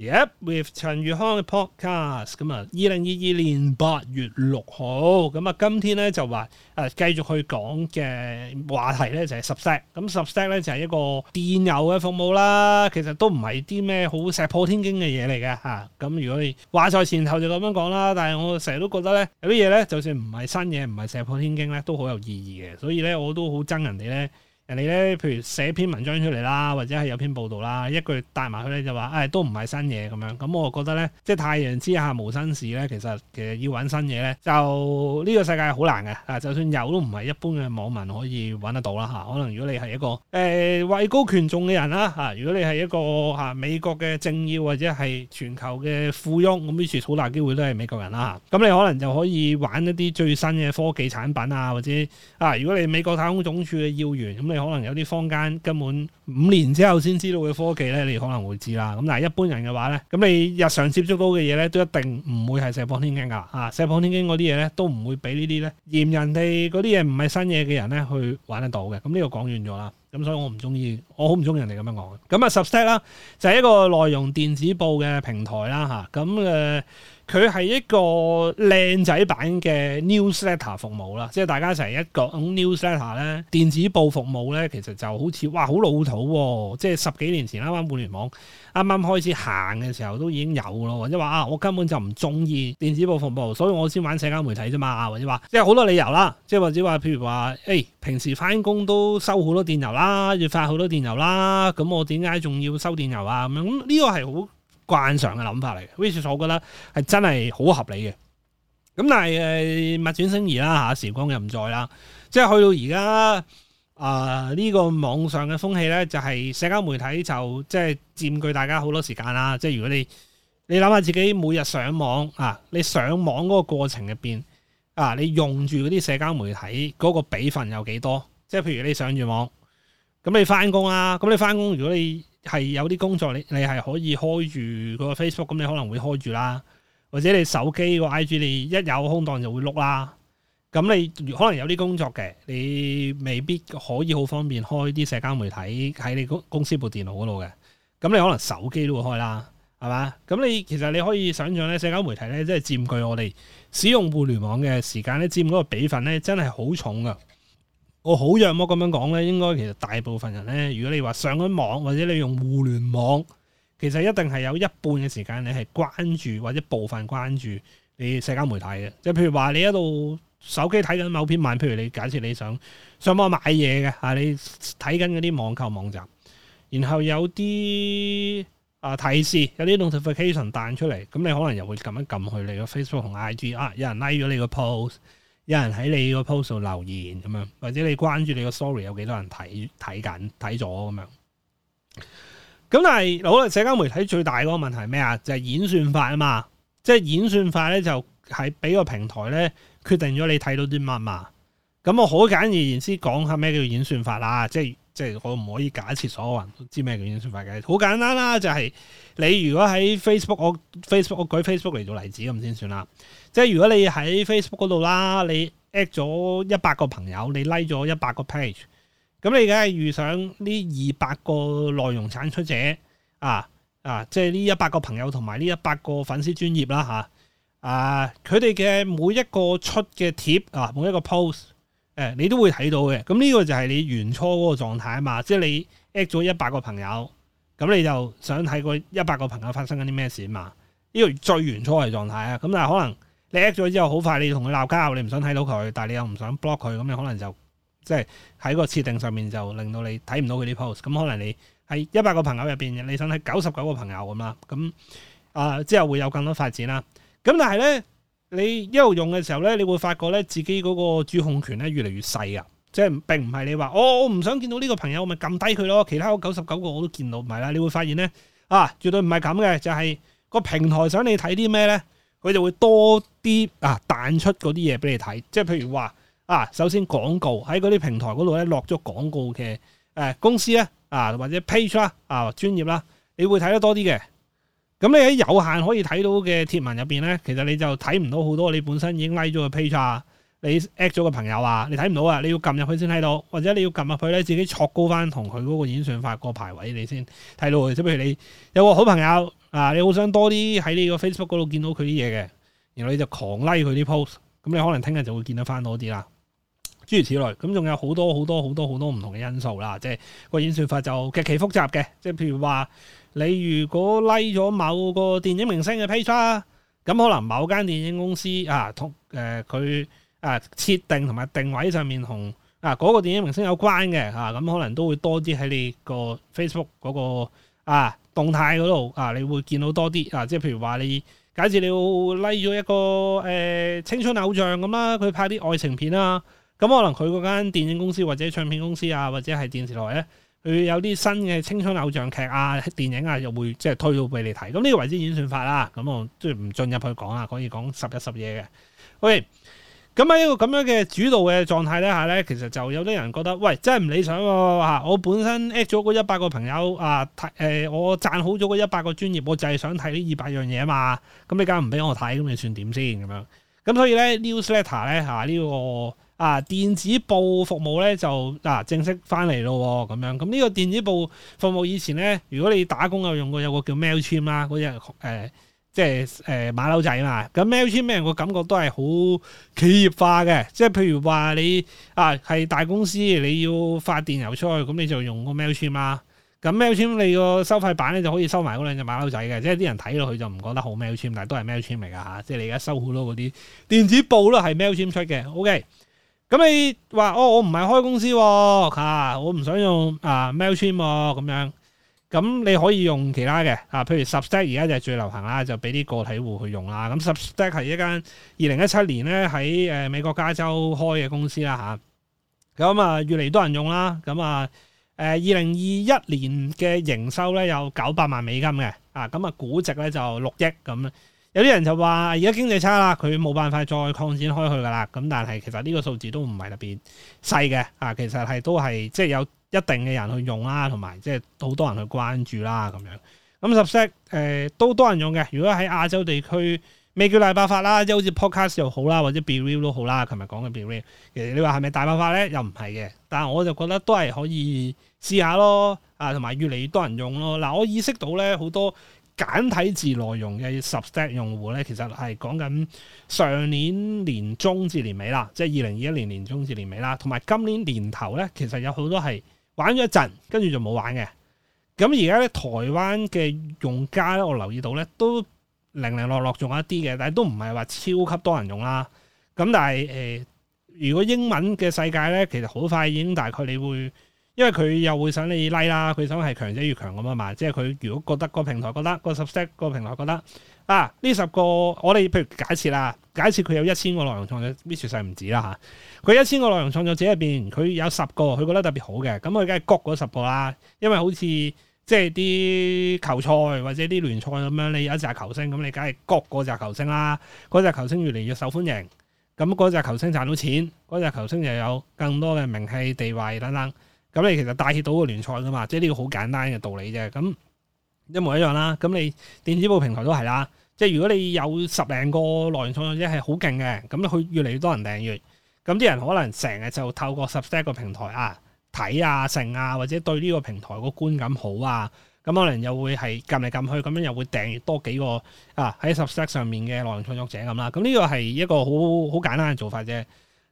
Yep，with 陳宇康嘅 podcast 咁啊，二零二二年八月六號咁啊，今天咧就話誒繼續去講嘅話題咧就係 Substack，咁 Substack 咧就係一個電郵嘅服務啦。其實都唔係啲咩好石破天驚嘅嘢嚟嘅嚇。咁如果你話在前後就咁樣講啦，但係我成日都覺得咧有啲嘢咧，就算唔係新嘢，唔係石破天驚咧，都好有意義嘅。所以咧我都好憎人哋咧。你人哋咧，譬如寫篇文章出嚟啦，或者係有篇報道啦，一句帶埋佢咧就話，誒、哎、都唔係新嘢咁樣。咁我覺得咧，即係太陽之下無新事咧，其實其實要搵新嘢咧，就呢個世界係好難嘅。啊，就算有都唔係一般嘅網民可以搵得到啦吓、啊。可能如果你係一個誒、欸、位高權重嘅人啦吓、啊，如果你係一個吓美國嘅政要或者係全球嘅富翁，咁於是好大機會都係美國人啦吓。咁、啊、你可能就可以玩一啲最新嘅科技產品啊，或者啊，如果你美國太空總署嘅要員咁你。可能有啲坊間根本五年之後先知道嘅科技呢，你可能會知啦。咁但係一般人嘅話呢，咁你日常接觸到嘅嘢呢，都一定唔會係石破天驚噶。吓、啊，石破天驚嗰啲嘢呢，都唔會俾呢啲呢嫌人哋嗰啲嘢唔係新嘢嘅人呢去玩得到嘅。咁、啊、呢、嗯這個講完咗啦。咁、啊、所以我唔中意，我好唔中意人哋咁樣講。咁啊十 u 啦，就係一個內容電子報嘅平台啦。吓、啊，咁、啊、誒。啊啊佢係一個靚仔版嘅 newsletter 服務啦，即係大家一齊一個 newsletter 咧，電子報服務咧，其實就好似哇好老土喎，哦，即係十幾年前啱啱互聯網啱啱開始行嘅時候都已經有咯，或者話啊，我根本就唔中意電子報服務，所以我先玩社交媒體啫嘛，或者話即係好多理由啦，即係或者話譬如話，誒、哎、平時翻工都收好多電郵啦，要發好多電郵啦，咁我點解仲要收電郵啊？咁樣咁呢個係好。慣常嘅諗法嚟嘅，which is 我覺得係真係好合理嘅。咁但係誒物轉星移啦嚇，時光又唔再啦，即係去到而家啊呢個網上嘅風氣咧，就係社交媒體就即係佔據大家好多時間啦。即係如果你你諗下自己每日上網啊，你上網嗰個過程入邊啊，你用住嗰啲社交媒體嗰個比分有幾多？即係譬如你，你上住網咁，你翻工啦，咁你翻工如果你係有啲工作你你係可以開住個 Facebook，咁你可能會開住啦，或者你手機個 IG，你一有空檔就會碌啦。咁你可能有啲工作嘅，你未必可以好方便開啲社交媒體喺你公司部電腦嗰度嘅。咁你可能手機都會開啦，係嘛？咁你其實你可以想象咧，社交媒體咧，即係佔據我哋使用互聯網嘅時間咧，佔嗰個比分咧，真係好重噶。我好讓我咁樣講咧，應該其實大部分人咧，如果你話上緊網或者你用互聯網，其實一定係有一半嘅時間你係關注或者部分關注你社交媒體嘅。即係譬如話你喺度手機睇緊某篇文，譬如你假設你想上網買嘢嘅吓，你睇緊嗰啲網購網站，然後有啲啊提示有啲 notification 彈出嚟，咁你可能又會撳一撳去你個 Facebook 同 IG 啊，有人 like 咗你個 post。有人喺你個 post 留言咁樣，或者你關注你個 story 有幾多人睇睇緊睇咗咁樣，咁但係嗱，社交媒體最大嗰個問題係咩啊？就係演算法啊嘛，即係演算法咧就係俾個平台咧決定咗你睇到啲乜嘛。咁我好簡而言之講下咩叫演算法啦，即係。即係我唔可以假設所有人都知咩叫演算法嘅，好簡單啦，就係、是、你如果喺 Facebook，我 Facebook，我舉 Facebook 嚟做例子咁先算啦。即係如果你喺 Facebook 嗰度啦，你 at 咗一百個朋友，你 like 咗一百個 page，咁你梗係遇上呢二百個內容產出者啊啊！即係呢一百個朋友同埋呢一百個粉絲專頁啦嚇啊，佢哋嘅每一個出嘅貼啊，每一個 post。你都會睇到嘅，咁、這、呢個就係你原初嗰個狀態啊嘛，即係你 at 咗一百個朋友，咁你就想睇個一百個朋友發生緊啲咩事啊嘛？呢、這個最原初嘅狀態啊，咁但係可能你 at 咗之後，好快你同佢鬧交，你唔想睇到佢，但係你又唔想 block 佢，咁你可能就即係喺個設定上面就令到你睇唔到佢啲 post，咁可能你喺一百個朋友入邊，你想睇九十九個朋友咁啦，咁啊、呃、之後會有更多發展啦，咁但係咧。你一路用嘅時候咧，你會發覺咧自己嗰個主控權咧越嚟越細啊！即係並唔係你話、哦，我我唔想見到呢個朋友，我咪撳低佢咯。其他九十九個我都見到唔係啦。你會發現咧，啊絕對唔係咁嘅，就係、是、個平台想你睇啲咩咧，佢就會多啲啊彈出嗰啲嘢俾你睇。即係譬如話啊，首先廣告喺嗰啲平台嗰度咧落咗廣告嘅誒公司咧啊或者 page 啦啊專業啦，你會睇得多啲嘅。咁你喺有限可以睇到嘅貼文入邊咧，其實你就睇唔到好多你本身已經拉咗嘅 page 啊，你 at 咗嘅朋友啊，你睇唔到啊，你要撳入去先睇到，或者你要撳入去咧自己戳高翻同佢嗰個演算法個排位你先睇到。即譬如你有個好朋友啊，你好想多啲喺呢個 Facebook 度見到佢啲嘢嘅，然後你就狂拉佢啲 post，咁你可能聽日就會見得翻多啲啦。諸如此類，咁仲有好多好多好多好多唔同嘅因素啦，即係個演算法就極其複雜嘅。即係譬如話，你如果 l、like、咗某個電影明星嘅 page，咁可能某間電影公司啊，同誒佢啊設定同埋定位上面同啊嗰個電影明星有關嘅啊，咁可能都會多啲喺你、個 Facebook 嗰個啊動態嗰度啊，你會見到多啲啊。即係譬如話，你假設你 like 咗一個誒、呃、青春偶像咁啦，佢拍啲愛情片啊。咁可能佢嗰間電影公司或者唱片公司啊，或者係電視台咧，佢有啲新嘅青春偶像劇啊、電影啊，又會即係推到俾你睇。咁呢個為之演算法啦。咁我即係唔進入去講啦，可以講十日十夜嘅。喂，咁喺呢個咁樣嘅主導嘅狀態之下咧，其實就有啲人覺得，喂，真係唔理想喎。吓，我本身 at 咗嗰一百個朋友啊，誒，我讚好咗嗰一百個專頁，我就係想睇呢二百樣嘢嘛。咁你而家唔俾我睇，咁你算點先咁樣？咁所以咧，news letter 咧吓，呢、啊這個。啊！電子報服務咧就嗱、啊、正式翻嚟咯咁樣，咁、這、呢個電子報服務以前咧，如果你打工又用過有個叫 Mailchimp 啊、那個，嗰隻誒即係誒馬騮仔嘛。咁 Mailchimp 啲人個感覺都係好企業化嘅，即係譬如話你啊係大公司你要發電郵出去，咁你就用個 Mailchimp 啦。咁 Mailchimp 你個收費版咧就可以收埋嗰兩隻馬騮仔嘅，即係啲人睇落去就唔覺得好 Mailchimp，但係都係 Mailchimp 嚟㗎嚇。即係你而家收好多嗰啲電子報都係 Mailchimp 出嘅。OK。咁你話哦，我唔係開公司喎，吓、啊，我唔想用啊 Mailchimp 咁、啊、樣，咁你可以用其他嘅，啊，譬如 Substack 而家就最流行啦，就俾啲個體戶去用啦。咁 Substack 係一間二零一七年咧喺誒美國加州開嘅公司啦，吓、啊。咁啊越嚟越多人用啦，咁啊誒二零二一年嘅營收咧有九百萬美金嘅，啊咁啊估值咧就六億咁。有啲人就話而家經濟差啦，佢冇辦法再擴展開去噶啦。咁但係其實呢個數字都唔係特別細嘅啊。其實係都係即係有一定嘅人去用啦、啊，同埋即係好多人去關注啦、啊、咁樣。咁十 s 都多人用嘅。如果喺亞洲地區，未叫大爆發啦，即係好似 podcast 又好啦，或者 BeReal 都好啦。琴日講嘅 BeReal。其實你話係咪大爆發咧？又唔係嘅。但係我就覺得都係可以試下咯啊，同埋越嚟越多人用咯。嗱、啊，我意識到咧好多。簡體字內容嘅 Substack 用戶咧，其實係講緊上年年中至年尾啦，即係二零二一年年中至年尾啦。同埋今年年頭咧，其實有好多係玩咗一陣，跟住就冇玩嘅。咁而家咧，台灣嘅用家咧，我留意到咧，都零零落落用一啲嘅，但係都唔係話超級多人用啦。咁但係誒、呃，如果英文嘅世界咧，其實好快已經大概你會。因為佢又會想你 like 啦，佢想係強者越強咁啊嘛。即係佢如果覺得個平台覺得個 subscribe 個平台覺得啊，呢十個我哋譬如假設啦，假設佢有一千個內容創作者，搣出晒唔止啦吓。佢一千個內容創作者入邊，佢有十個佢覺得特別好嘅，咁佢梗係谷嗰十個啦。因為好似即係啲球賽或者啲聯賽咁樣，你有一隻球星咁，你梗係谷嗰隻球星啦。嗰隻球星越嚟越受歡迎，咁嗰隻球星賺到錢，嗰隻球星又有更多嘅名氣地位等等。咁你其實帶熱到個聯賽㗎嘛，即係呢個好簡單嘅道理啫。咁一模一樣啦。咁你電子報平台都係啦。即係如果你有十零個內容創作者係好勁嘅，咁咧佢越嚟越多人訂閱。咁啲人可能成日就透過 Substack 個平台啊睇啊剩啊，或者對呢個平台個觀感好啊，咁可能又會係撳嚟撳去，咁樣又會訂閱多幾個啊喺 Substack 上面嘅內容創作者咁啦。咁呢個係一個好好簡單嘅做法啫。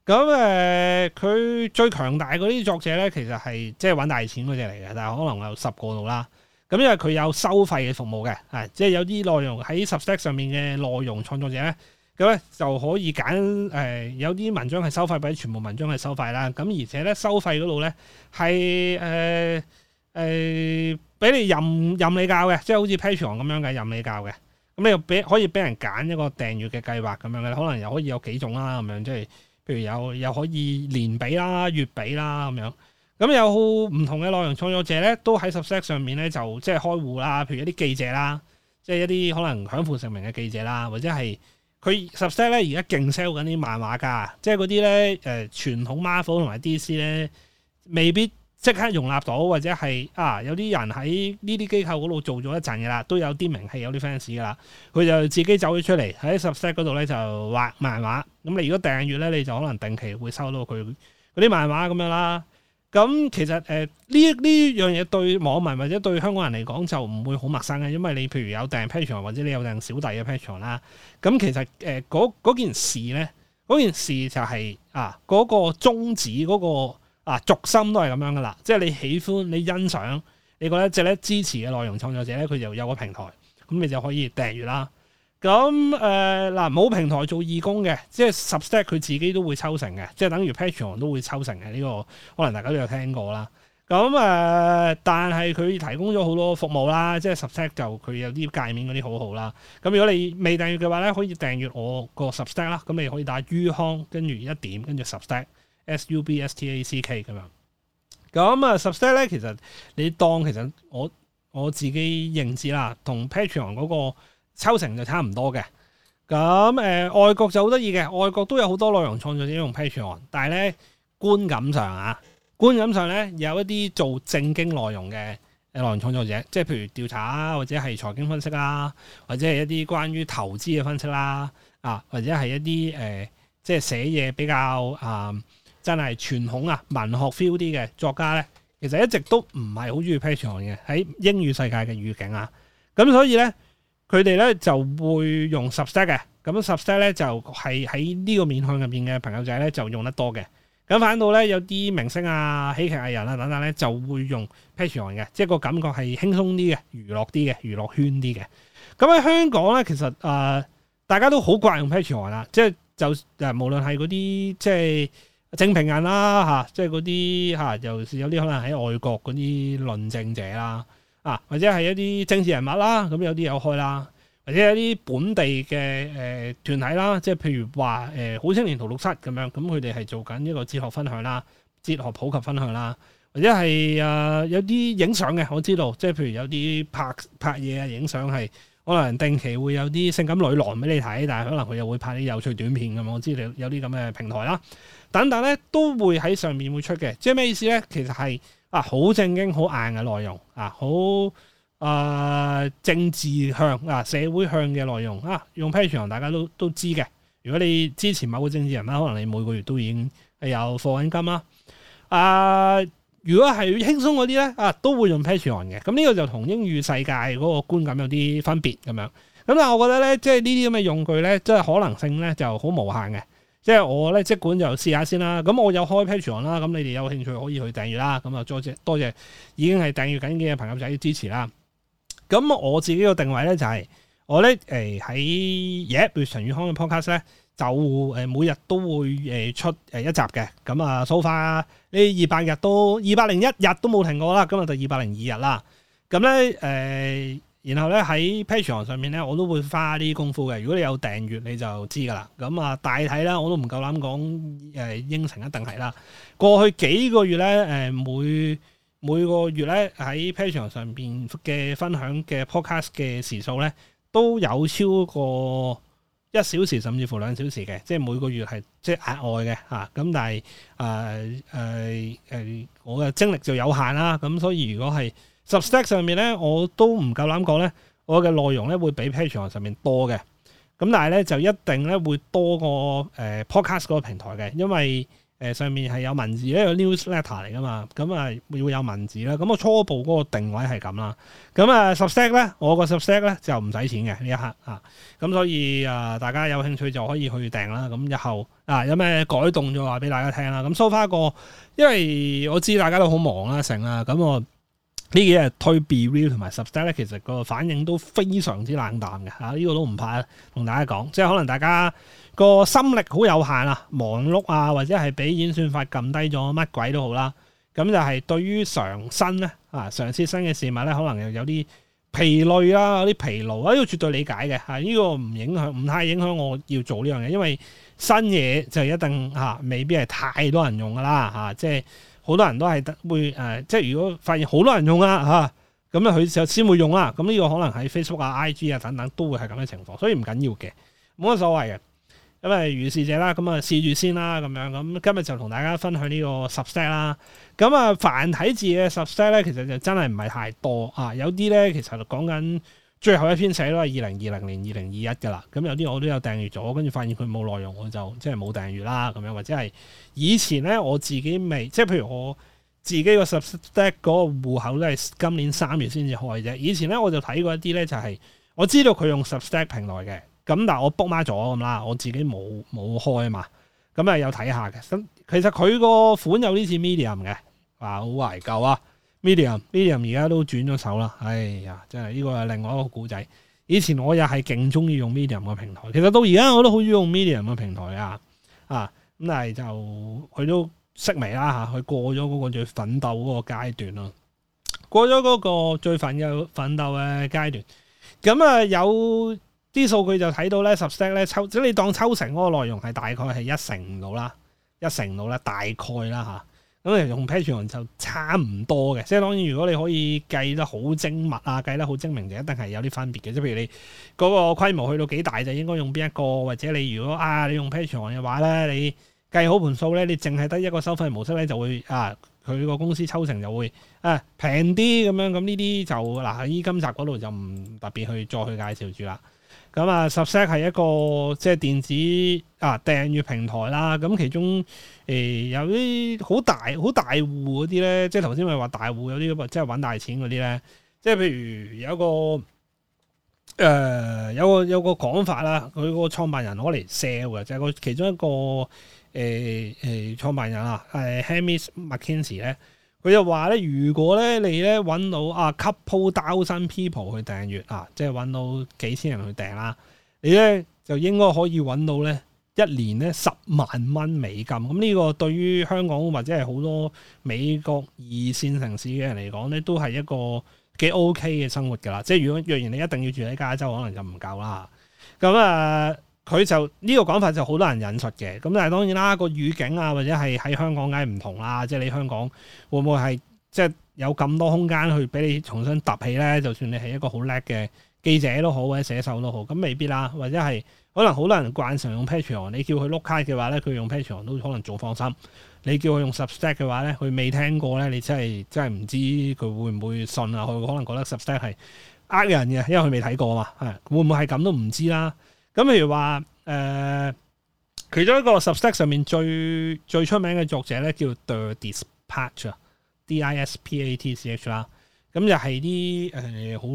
咁誒，佢、嗯、最強大嗰啲作者咧，其實係即係揾大錢嗰隻嚟嘅，但係可能有十個度啦。咁、嗯、因為佢有收費嘅服務嘅，係、嗯、即係有啲內容喺 Substack 上面嘅內容創作者咧，咁、嗯、咧就可以揀誒、嗯、有啲文章係收費，或者全部文章係收費啦。咁、嗯、而且咧收費嗰度咧係誒誒俾你任任你教嘅，即係好似 Patreon 咁樣嘅任你教嘅。咁、嗯、你又俾可以俾人揀一個訂閲嘅計劃咁樣嘅，可能又可以有幾種啦咁樣，即係。譬如有又可以年比啦、月比啦咁樣，咁有唔同嘅內容創作者咧，都喺 Substack 上面咧就即係開戶啦，譬如一啲記者啦，即係一啲可能享負盛名嘅記者啦，或者係佢 Substack 咧而家勁 sell 緊啲漫畫㗎，即係嗰啲咧誒傳統 Marvel 同埋 DC 咧未必。即刻容納到，或者係啊，有啲人喺呢啲機構嗰度做咗一陣嘅啦，都有啲名氣，有啲 fans 嘅啦。佢就自己走咗出嚟喺 Substack 嗰度咧，就畫漫畫。咁 在 你如果訂閱咧，你就可能定期會收到佢嗰啲漫畫咁樣啦。咁其實誒呢呢樣嘢對網民或者對香港人嚟講就唔會好陌生嘅，因為你譬如有訂 Patreon 或者你有訂小弟嘅 Patreon 啦。咁其實誒嗰、呃、件事咧，嗰件事就係、是、啊嗰、那個宗旨嗰、那個。啊，逐心都係咁樣噶啦，即係你喜歡你欣賞你覺得值得支持嘅內容創作者咧，佢就有個平台，咁你就可以訂閱啦。咁誒嗱，冇、呃、平台做義工嘅，即係 Substack 佢自己都會抽成嘅，即係等於 Patreon 都會抽成嘅呢、呢個，可能大家都有聽過啦。咁誒、呃，但係佢提供咗好多服務啦，即係 Substack 就佢有啲界面嗰啲好好啦。咁如果你未訂閱嘅話咧，可以訂閱我個 Substack 啦，咁你可以打於康跟住一點跟住 Substack Substack 咁樣，咁啊 Substack 咧，其實你當其實我我自己認知啦，同 Patreon 嗰個抽成就差唔多嘅。咁誒、呃呃呃呃、外國就好得意嘅，外國都有好多內容創作者用 Patreon，但係咧觀感上啊，觀感上咧有一啲做正經內容嘅內、呃、容創作者，即係譬如調查啊，或者係財經分析啦，或者係一啲關於投資嘅分析啦，啊或者係一啲誒即係寫嘢比較啊～、呃真係傳統啊，文學 feel 啲嘅作家咧，其實一直都唔係好中意 Patreon 嘅喺英語世界嘅語境啊。咁所以咧，佢哋咧就會用 Substack 嘅，咁、嗯、Substack 咧就係喺呢個面向入邊嘅朋友仔咧就用得多嘅。咁、嗯、反到咧有啲明星啊、喜劇藝人啊等等咧就會用 Patreon 嘅，即係個感覺係輕鬆啲嘅、娛樂啲嘅、娛樂圈啲嘅。咁、嗯、喺、嗯、香港咧，其實誒、呃、大家都好慣用 Patreon 啦，即係就誒無論係嗰啲即係，政評人啦，嚇，即係嗰啲尤其是有啲可能喺外國嗰啲論政者啦，啊，或者係一啲政治人物啦，咁有啲有開啦，或者一啲本地嘅誒、呃、團體啦，即係譬如話誒、呃、好青年荼毒室咁樣，咁佢哋係做緊呢個哲學分享啦、哲學普及分享啦，或者係啊、呃、有啲影相嘅，我知道，即係譬如有啲拍拍嘢啊、影相係可能定期會有啲性感女郎俾你睇，但係可能佢又會拍啲有趣短片咁，我知你有啲咁嘅平台啦。等等咧都會喺上面會出嘅，即係咩意思咧？其實係啊，好正經、好硬嘅內容啊，好誒、呃、政治向啊，社會向嘅內容啊，用 Patreon 大家都都知嘅。如果你支持某個政治人啦，可能你每個月都已經係有課金啦。啊，如果係輕鬆嗰啲咧啊，都會用 Patreon 嘅。咁呢個就同英語世界嗰個觀感有啲分別咁樣。咁但係我覺得咧，即係呢啲咁嘅用具咧，即係可能性咧就好無限嘅。即係我咧，即管就試下先啦。咁我有開 Patreon 啦，咁你哋有興趣可以去訂閱啦。咁啊，多謝多謝已經係訂閱緊嘅朋友仔支持啦。咁我自己個定位咧就係、是、我咧誒喺嘢陳宇康嘅 Podcast 咧，就誒每日都會誒出誒一集嘅。咁啊、呃、so far 呢二百日都二百零一日都冇停過啦，今日就二百零二日啦。咁咧誒。呃然後咧喺 Patreon 上上面咧，我都會花啲功夫嘅。如果你有訂閱，你就知噶啦。咁、嗯、啊，大體啦，我都唔夠膽講誒應承一定係啦。過去幾個月咧，誒、呃、每每個月咧喺 Patreon 上邊嘅分享嘅 Podcast 嘅時數咧，都有超過一小時甚至乎兩小時嘅，即係每個月係即係額外嘅吓。咁、啊、但係誒誒誒，我嘅精力就有限啦。咁、啊、所以如果係。Substack 上面咧，我都唔夠膽講咧，我嘅內容咧會比 Patreon 上面多嘅，咁但係咧就一定咧會多過誒 Podcast 嗰個平台嘅，因為誒上面係有文字，因為 News Letter 嚟噶嘛，咁啊要有文字啦，咁我初步嗰個定位係咁啦。咁啊 Substack 咧，我個 Substack 咧就唔使錢嘅呢一刻啊，咁所以誒、啊、大家有興趣就可以去訂啦，咁日後啊有咩改動就話俾大家聽啦，咁收翻個，因為我知大家都好忙啦成啊，咁我。呢幾日推 BeReal 同埋 Substack 咧，其實個反應都非常之冷淡嘅嚇，呢、啊這個都唔怕同大家講，即係可能大家個心力好有限啊，忙碌啊，或者係俾演算法撳低咗乜鬼都好啦，咁、啊、就係對於嘗新咧啊，嘗試新嘅事物咧，可能又有啲疲累啦，有啲疲勞啊，呢、這個絕對理解嘅嚇，呢、啊這個唔影響，唔太影響我要做呢樣嘢，因為新嘢就一定嚇、啊、未必係太多人用噶啦嚇，即係。好多人都係會誒、呃，即係如果發現好多人用啦吓，咁咧佢就先會用啊。咁呢個可能喺 Facebook 啊、IG 啊等等都會係咁嘅情況，所以唔緊要嘅，冇乜所謂嘅。咁、嗯、啊，遇事者啦，咁啊試住先啦，咁樣咁、嗯、今日就同大家分享呢個十 s e t 啦。咁啊，繁體字嘅十 s e t 咧，其實就真係唔係太多啊，有啲咧其實講緊。最後一篇寫都係二零二零年二零二一嘅啦，咁有啲我都有訂閱咗，跟住發現佢冇內容，我就即係冇訂閱啦。咁樣或者係以前咧，我自己未即係譬如我自己個 Substack 嗰個戶口都係今年三月先至開啫。以前咧我就睇過一啲咧，就係我知道佢用 Substack 平台嘅，咁但係我 book 埋咗咁啦，我自己冇冇開嘛，咁啊有睇下嘅。咁其實佢個款有啲似 Medium 嘅，哇好懷舊啊！Medium，Medium 而家都轉咗手啦，哎呀，真係呢個係另外一個古仔。以前我也係勁中意用 Medium 嘅平台，其實到而家我都好中意用 Medium 嘅平台啊，啊，咁但係就佢都式微啦吓，佢、啊、過咗嗰個最奮鬥嗰個階段咯，過咗嗰個最奮嘅奮鬥嘅階段。咁啊有啲數據就睇到咧 Substack 咧抽，即你當抽成嗰個內容係大概係一成度啦，一成度啦，大概啦吓。啊咁其實用 Patreon 就差唔多嘅，即係當然如果你可以計得好精密啊，計得好精明就一定係有啲分別嘅。即係譬如你嗰個規模去到幾大就應該用邊一個，或者你如果啊你用 Patreon 嘅話咧，你計好盤數咧，你淨係得一個收費模式咧就會啊，佢個公司抽成就會啊平啲咁樣。咁呢啲就嗱喺、啊、今集嗰度就唔特別去再去介紹住啦。咁啊、嗯、，Substack 係一個即係電子啊訂閱平台啦。咁其中誒、呃、有啲好大好大戶嗰啲咧，即係頭先咪話大戶嗰啲咁，即係揾大錢嗰啲咧。即係譬如有一個、呃、有一個有個講法啦，佢個創辦人攞嚟 sell 嘅，就係、是、佢其中一個誒誒、呃、創辦人啦，係 Hemis McKinsey 咧。佢就話咧，如果咧你咧揾到啊 couple thousand people 去訂閱啊，即係揾到幾千人去訂啦，你咧就應該可以揾到咧一年咧十萬蚊美金。咁、嗯、呢、這個對於香港或者係好多美國二線城市嘅人嚟講咧，都係一個幾 OK 嘅生活噶啦。即係如果若然你一定要住喺加州，可能就唔夠啦。咁、嗯、啊～佢就呢個講法就好多人引述嘅，咁但係當然啦，個語境啊或者係喺香港梗係唔同啦，即係你香港會唔會係即係有咁多空間去俾你重新揼起咧？就算你係一個好叻嘅記者都好或者寫手都好，咁未必啦。或者係可能好多人慣常用 Patreon，你叫佢碌卡嘅話咧，佢用 Patreon 都可能做放心。你叫佢用 substack 嘅話咧，佢未聽過咧，你真係真係唔知佢會唔會信啊？佢可能覺得 substack 係呃人嘅，因為佢未睇過嘛，係會唔會係咁都唔知啦。咁譬如話，誒、呃、其中一個 substack 上面最最出名嘅作者咧，叫 The Dispatch 啊，D I S P A T C H 啦、嗯、咁又係啲誒好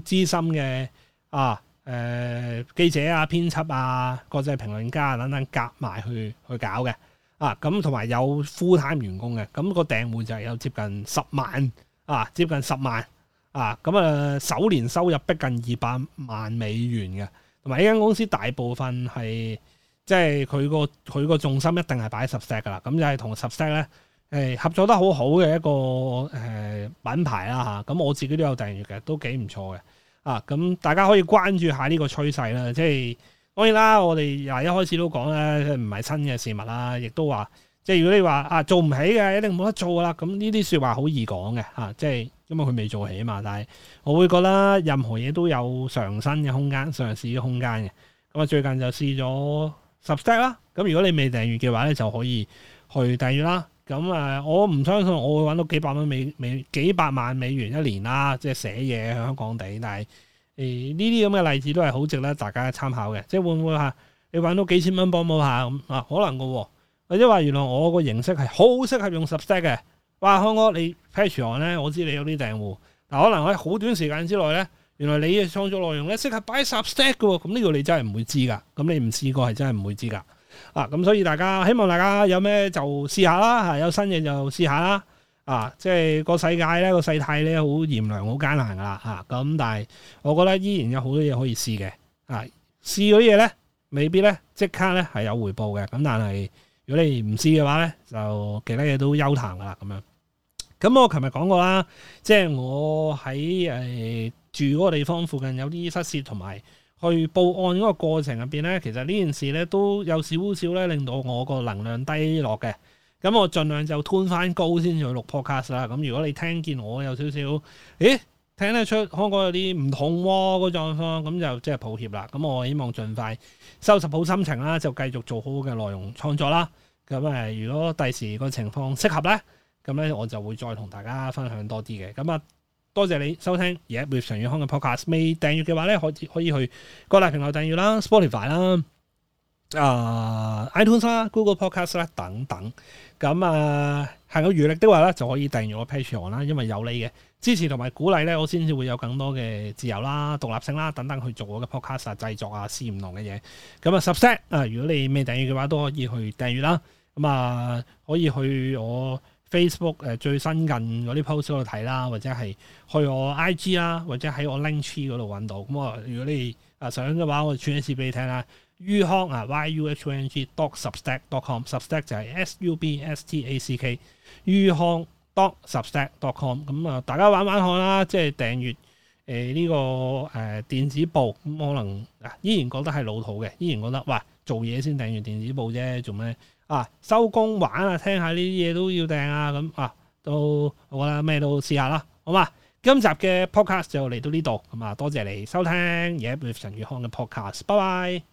資深嘅啊誒、呃、記者啊、編輯啊、國際評論家等等夾埋去去搞嘅啊，咁同埋有，有 fulltime 員工嘅，咁個訂戶就係有接近十萬啊，接近十萬啊，咁啊首、啊啊、年收入逼近二百萬美元嘅。同埋呢間公司大部分係即係佢個佢個重心一定係擺十石噶啦，咁、嗯、就係同十石咧誒合作得好好嘅一個誒、呃、品牌啦嚇。咁、啊嗯、我自己都有訂閱嘅，都幾唔錯嘅啊。咁、嗯、大家可以關注下呢個趨勢啦，即、啊、係、嗯、當然啦。我哋啊一開始都講咧，唔係新嘅事物啦，亦、啊、都話即係如果你話啊做唔起嘅一定冇得做啦。咁呢啲説話好易講嘅嚇，即係。因為啊，佢未做起啊嘛，但係我會覺得任何嘢都有上升嘅空間、上市嘅空間嘅。咁啊，最近就試咗 Substack 啦。咁如果你未訂閱嘅話咧，就可以去訂閱啦。咁、嗯、啊，我唔相信我會揾到幾百蚊美美幾百萬美元一年啦，即係寫嘢喺香港地。但係誒呢啲咁嘅例子都係好值得大家參考嘅。即係會唔會吓你揾到幾千蚊幫補下咁啊？可能嘅、啊，或者話原來我個形式係好適合用 Substack 嘅。哇，康哥，你 Patreon 咧，我知你有啲訂戶，但可能喺好短時間之內咧，原來你嘅創作內容咧，適合擺上 Substack 嘅喎，咁呢個你真係唔會知噶，咁你唔試過係真係唔會知噶，啊，咁所以大家希望大家有咩就試下啦，啊，有新嘢就試下啦，啊，即係個世界咧，個世態咧，好炎涼，好艱難噶啦，嚇、啊，咁但係我覺得依然有好多嘢可以試嘅，啊，試嗰啲嘢咧，未必咧即刻咧係有回報嘅，咁但係如果你唔試嘅話咧，就其他嘢都休談噶啦，咁樣。咁我琴日講過啦，即係我喺誒、呃、住嗰個地方附近有啲失竊，同埋去報案嗰個過程入邊咧，其實呢件事咧都有少少咧令到我個能量低落嘅。咁我儘量就吞翻高先去錄 podcast 啦。咁如果你聽見我有少少，咦，聽得出香港有啲唔同喎嗰狀況，咁就即係抱歉啦。咁我希望盡快收拾好心情啦，就繼續做好嘅內容創作啦。咁誒，如果第時個情況適合咧。咁咧，我就會再同大家分享多啲嘅。咁啊，多謝你收聽而家常宇康嘅 podcast。未訂閲嘅話咧，可以可以去各大平台訂閲啦，Spotify 啦，啊 iTunes 啦，Google Podcast 啦等等。咁啊，行有餘力的話咧，就可以訂閲我 Patreon 啦，因為有你嘅支持同埋鼓勵咧，我先至會有更多嘅自由啦、獨立性啦等等去做我嘅 podcast 啊、製作啊、試唔同嘅嘢。咁啊 Substack 啊，如果你未訂閲嘅話，都可以去訂閲啦。咁啊，可以去我 Facebook 誒最新近嗰啲 post 嗰度睇啦，或者係去我 IG 啦，或者喺我 Linktree 嗰度揾到。咁啊，如果你誒想嘅話，我就傳一次俾你聽啦。於康啊，Y U H N G dot substack dot com，substack 就係 S U B S T A C K。於康 dot substack dot com。咁啊，大家玩玩看啦，即係訂閱誒呢個誒、呃、電子報。咁可能啊，依然覺得係老土嘅，依然覺得哇，做嘢先訂閱電子報啫，做咩？啊，收工玩啊，聽下呢啲嘢都要訂啊，咁啊，都好啦，咩都試下啦，好嘛？今集嘅 podcast 就嚟到呢度，咁啊，多謝你收聽，而家 Yep, 陳宇康嘅 podcast，拜拜。